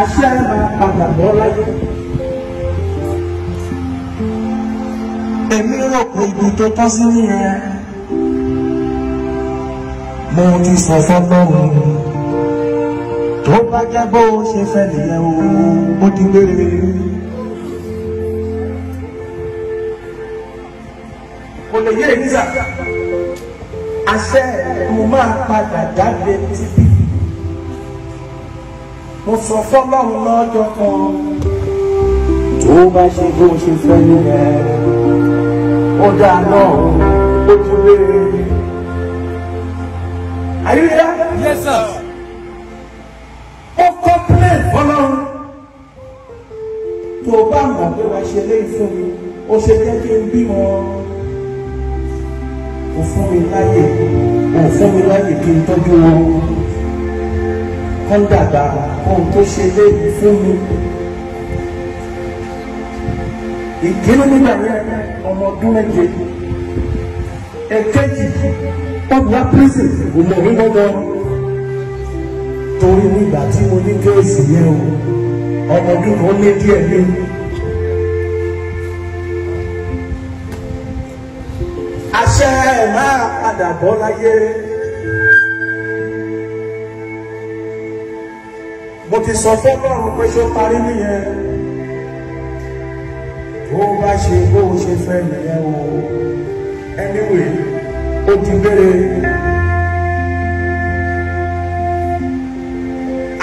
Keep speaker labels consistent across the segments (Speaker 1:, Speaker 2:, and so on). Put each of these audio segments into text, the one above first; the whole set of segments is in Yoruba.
Speaker 1: àṣẹ máa padà bọ́ láyé. èmi rò pé ibi tó tọ́ sí nìyẹn. mo ti sọ fọ́lọ́run tó bá jẹ́ bó ṣe fẹ́ nìyẹn o ó ti gbére. kò lè yé èyí sà àṣẹ mo sọ fọlọ́run lọ́jọ́ kan tó bá ṣe bó ṣe fẹ́ nílẹ̀ ó dáa náà lójúlé. Are you there? Yes, sir. ó complain fọlọ́run tó bá mọ̀ pé wàá ṣe léyìí fún mi ó ṣe jẹ́ kí n bímọ kò fún mi láyè kò fún mi láyè kí n tọ́jú wọn kán dàgbà ohun tó ṣe léyìí fún mi. ìkíní nígbà yẹn ọmọ ọdún méje èkejì ọgbà prison ìmọ̀ mi gbọ́dọ̀ torí nígbà tí mo ní kéèsì yẹn o ọmọ ọdún kan lé díẹ̀ ní. àṣẹ máa padà bọ́ láyé. mo ti sọ fún ọlọ́run pé ṣó parí nìyẹn bó bá ṣe bó o ṣe fẹ́ nìyẹn o anyway o ti bẹ̀rẹ̀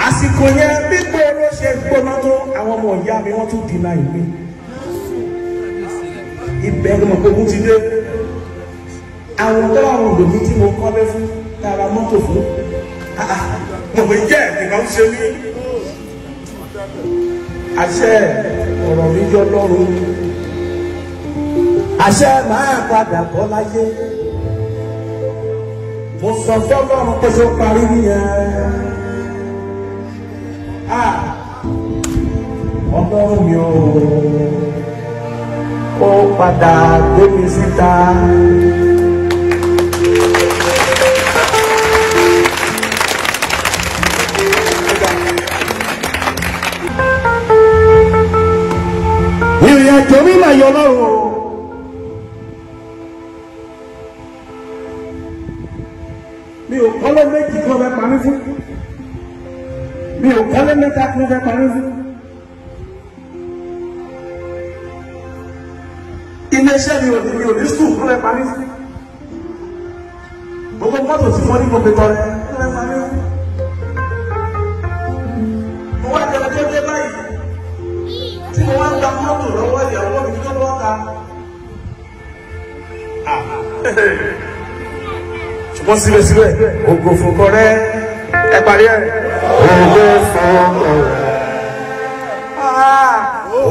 Speaker 1: àsìkò yẹn gbígbó ló ṣe gbóná tó àwọn ọmọ ìyá mi wọ́n tún dínà ìgbé ibẹ̀ ló mọ̀ pé mo ti dé àwọn tó àwọn òdòdó tí mo kọ́lé fún tara mọ́tò fún mọ̀mọ́ jẹ́ ìgbà ń ṣe mí. àṣẹ ọ̀rọ̀ mi yọ lọ́rùn àṣẹ máa padà bọ́ láyé mo sọ fọlọ́run pé ṣó parí nìyẹn. ọlọ́run mi ò ó padà gbé mi síta. torí màyọ lọ́rùn o. mi ò kọ́lé méjì tó fẹ́ parí fún mi ò kọ́lé mẹ́ta tó fẹ́ parí fún. iléeṣẹ́ mi ò ní mi ò ní sùkúl tó fẹ́ parí fún. gbogbo mọ́tò tí wọ́n ní mo fi tọrẹ fẹ́ parí. kúrò lọ́wọ́ ìyàwó mi tó lọ́ka. Ah. ṣùgbọ́n síbẹ̀síbẹ̀ ògo fún kọrẹ́ ẹ parí ẹ̀. ògo fún kọrẹ́ ah.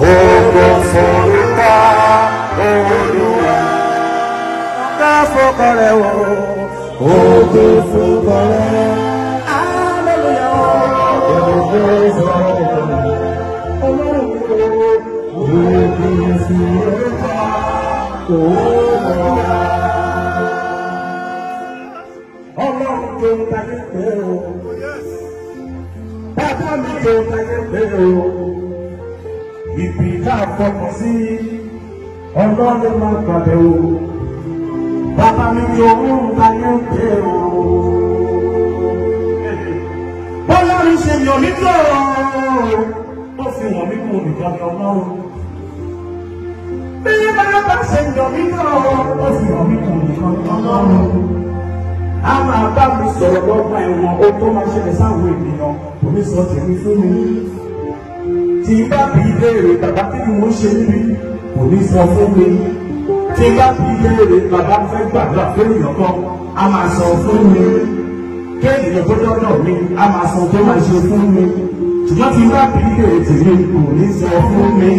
Speaker 1: ògo
Speaker 2: fún ká olúwa
Speaker 1: ká fún kọrẹ́ wọ̀ ògo
Speaker 2: fún kọrẹ́.
Speaker 1: ọlọ́run tó ń tayé pé o. Bàbá mi tó ń tayé pé o. Ibi tá a fọkàn sí ọlọ́run máa gbàdé o. Bàbá mi tó ń tayé pé o. Bọ́lọ́run ṣe yàn mí tó o. Ó fi hàn mí kún nìkan ní ọlọ́run. Bí bàbá ṣe yàn mí tó o. Ó fi hàn mí kún nìkan ní ọlọ́run a máa bá mi sọ̀rọ̀ lọ́gbà ẹ̀wọ̀n ó tó máa ṣẹlẹ̀ sáwọn ènìyàn kò ní sọ tèmi fún mi. tí bá bí léèrè bàbá kí ni mo ṣe níbí kò ní sọ fún mi. tí bá bí léèrè bàbá fẹ́ gbàdúrà fún ènìyàn kan a máa sọ fún mi. kí ènìyàn tó dọ́nà mi a máa sọ tó máa ṣe fún mi. ṣùgbọ́n tí bá bí léèrè tèmi kò sọ fún mi.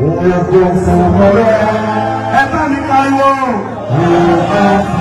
Speaker 1: Òun kò fún ọ̀rẹ́ ẹ bá mi pariwo.
Speaker 2: You have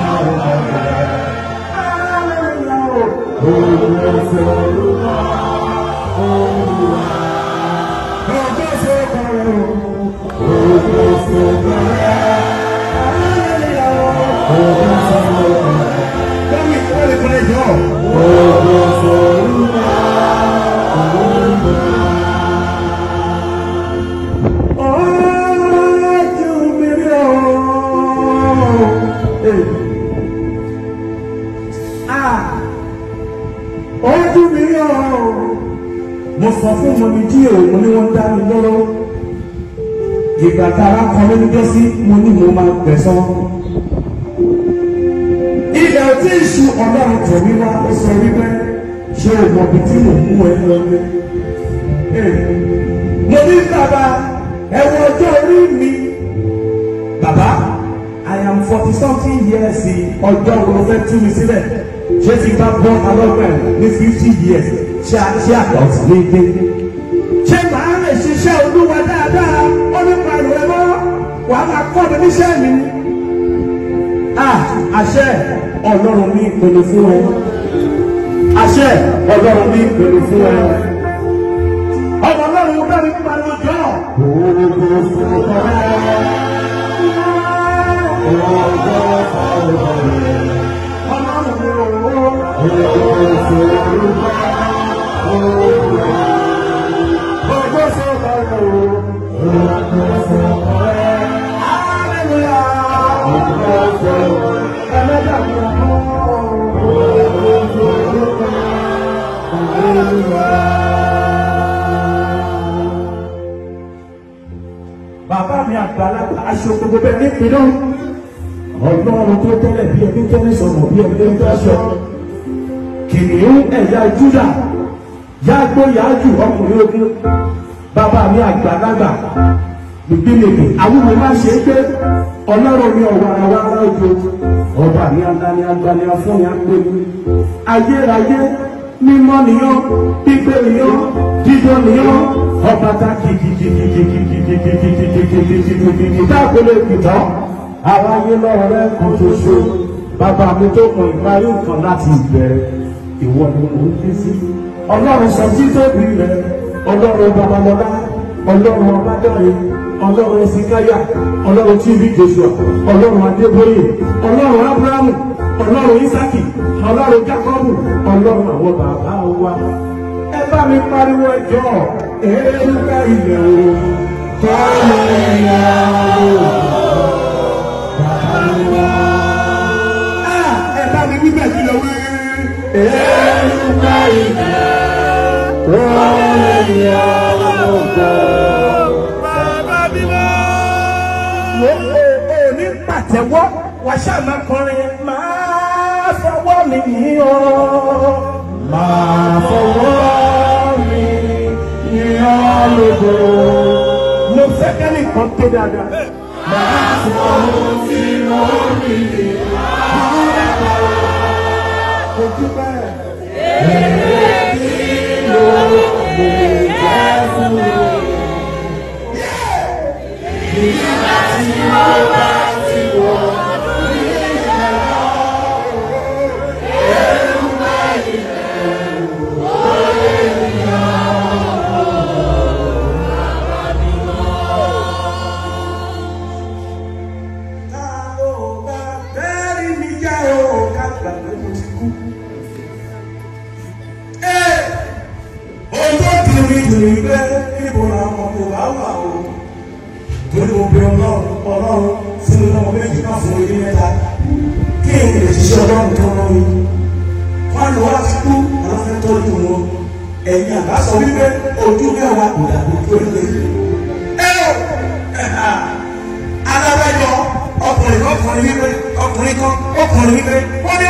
Speaker 1: ìgbà tá a bá kọ lórí jọ́sí mo ní mo máa gbẹ̀sán. ilẹ̀ tí ìṣù ọlọ́run tẹ̀mí wá ó sọ wípé ṣé o mọ̀ bí tí mò ń mú ẹ lọ lé. mo ní bàbá ẹ̀wọ̀n ọjọ́ orí mi bàbá I am forty something years ọjọ́ wo ló fẹ́ tú mi sílẹ̀ ṣé ti bá bọ́ alọ́gbẹ̀rún ní fifty years ṣé àgbà ọ̀sán ní dé. máa kọ́ ọdún níṣẹ́ mi ni. Ah, àṣẹ ọlọ́run ní ìpinnu fún ẹ àṣẹ ọlọ́run ní ìpinnu fún ẹ. ọmọ ọlọ́run bẹ́ẹ̀
Speaker 2: ni pariwo jọ. òun kò fún ọ.
Speaker 1: gbogbo bẹ́ẹ̀ ní pinnu ọlọ́run tó tẹ́lẹ̀ bí ẹni tẹ́lẹ̀ sọ̀rọ̀ bí ẹni tẹ́lẹ̀ dáṣọ kìnìún ẹ̀yà júdà yàgbó yàájú ọkùnrin ogun bàbá mi àgbàlagbà ìbílẹ̀dẹ̀ àwùjọ máa ṣe é pé ọlọ́run mi ọ̀wà àwa ará òjò ọba mi agbani agbani afúnni agbẹ́ni ayérayé mímọ́ nìyó pípé nìyó jíjó nìyó ọba tá kìkìkìkìkìkìkìkìkìkìkìkìkìkìkì tá a kò lè pìtọ́ àwa yé lọ́wọ́ rẹ kò ṣoṣo bàbá mi tó mọ ìparí nǹkan láti ìbẹ̀rẹ̀ ìwọ ni mo ń ké sí ọlọ́run sọ títóbi rẹ ọlọ́run babalọ́lá ọlọ́run ọbádọ́rin ọlọ́run sikaya ọlọ́run tv joshua ọlọ́run adébóyè ọlọ́run abrahamu ọlọ́run isaki ọlọ́run jákọ́bù ọlọ́run àwọn bàbá wa ẹ bá mi pariwo ẹjọ́ èrúkà ilẹ̀ o báwo ìyá o
Speaker 2: báwo. ẹ bá mi níbẹ̀ sí lọ wí. èrúkà ilẹ̀ wọ́n ìyá ọgbọ́n. bàbá mi lọ.
Speaker 1: wo o ní pàtẹ́wọ́ wàá ṣáà máa kọrin mi o máa fọwọ́ mi yan lógo mo fẹ́ kẹ́lí kan ké dáadáa.
Speaker 2: máa i máa bá ojú bẹ́ẹ̀. èrè
Speaker 1: ìgbàgbé mo ti kú. Ojú kiri kiri pé ibo làwọn kò bá wà o. Torí mo pe ọlọ́run ọlọ́run sínú ọmọ méjì náà fún orí mẹ́ta. Kí n lè ṣiṣẹ́ ọlọ́run tó rán mi. Wọ́n lọ wá sí kú àwọn fẹ́ tọ́jú wọn. Ẹ̀yin àbá sọ wípé ojú mẹ́wàá kò dàbí orí lè. Adájọ́ ọkùnrin ọkùnrin wípé ọkùnrin kan ọkùnrin wípé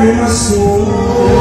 Speaker 1: mesma sou.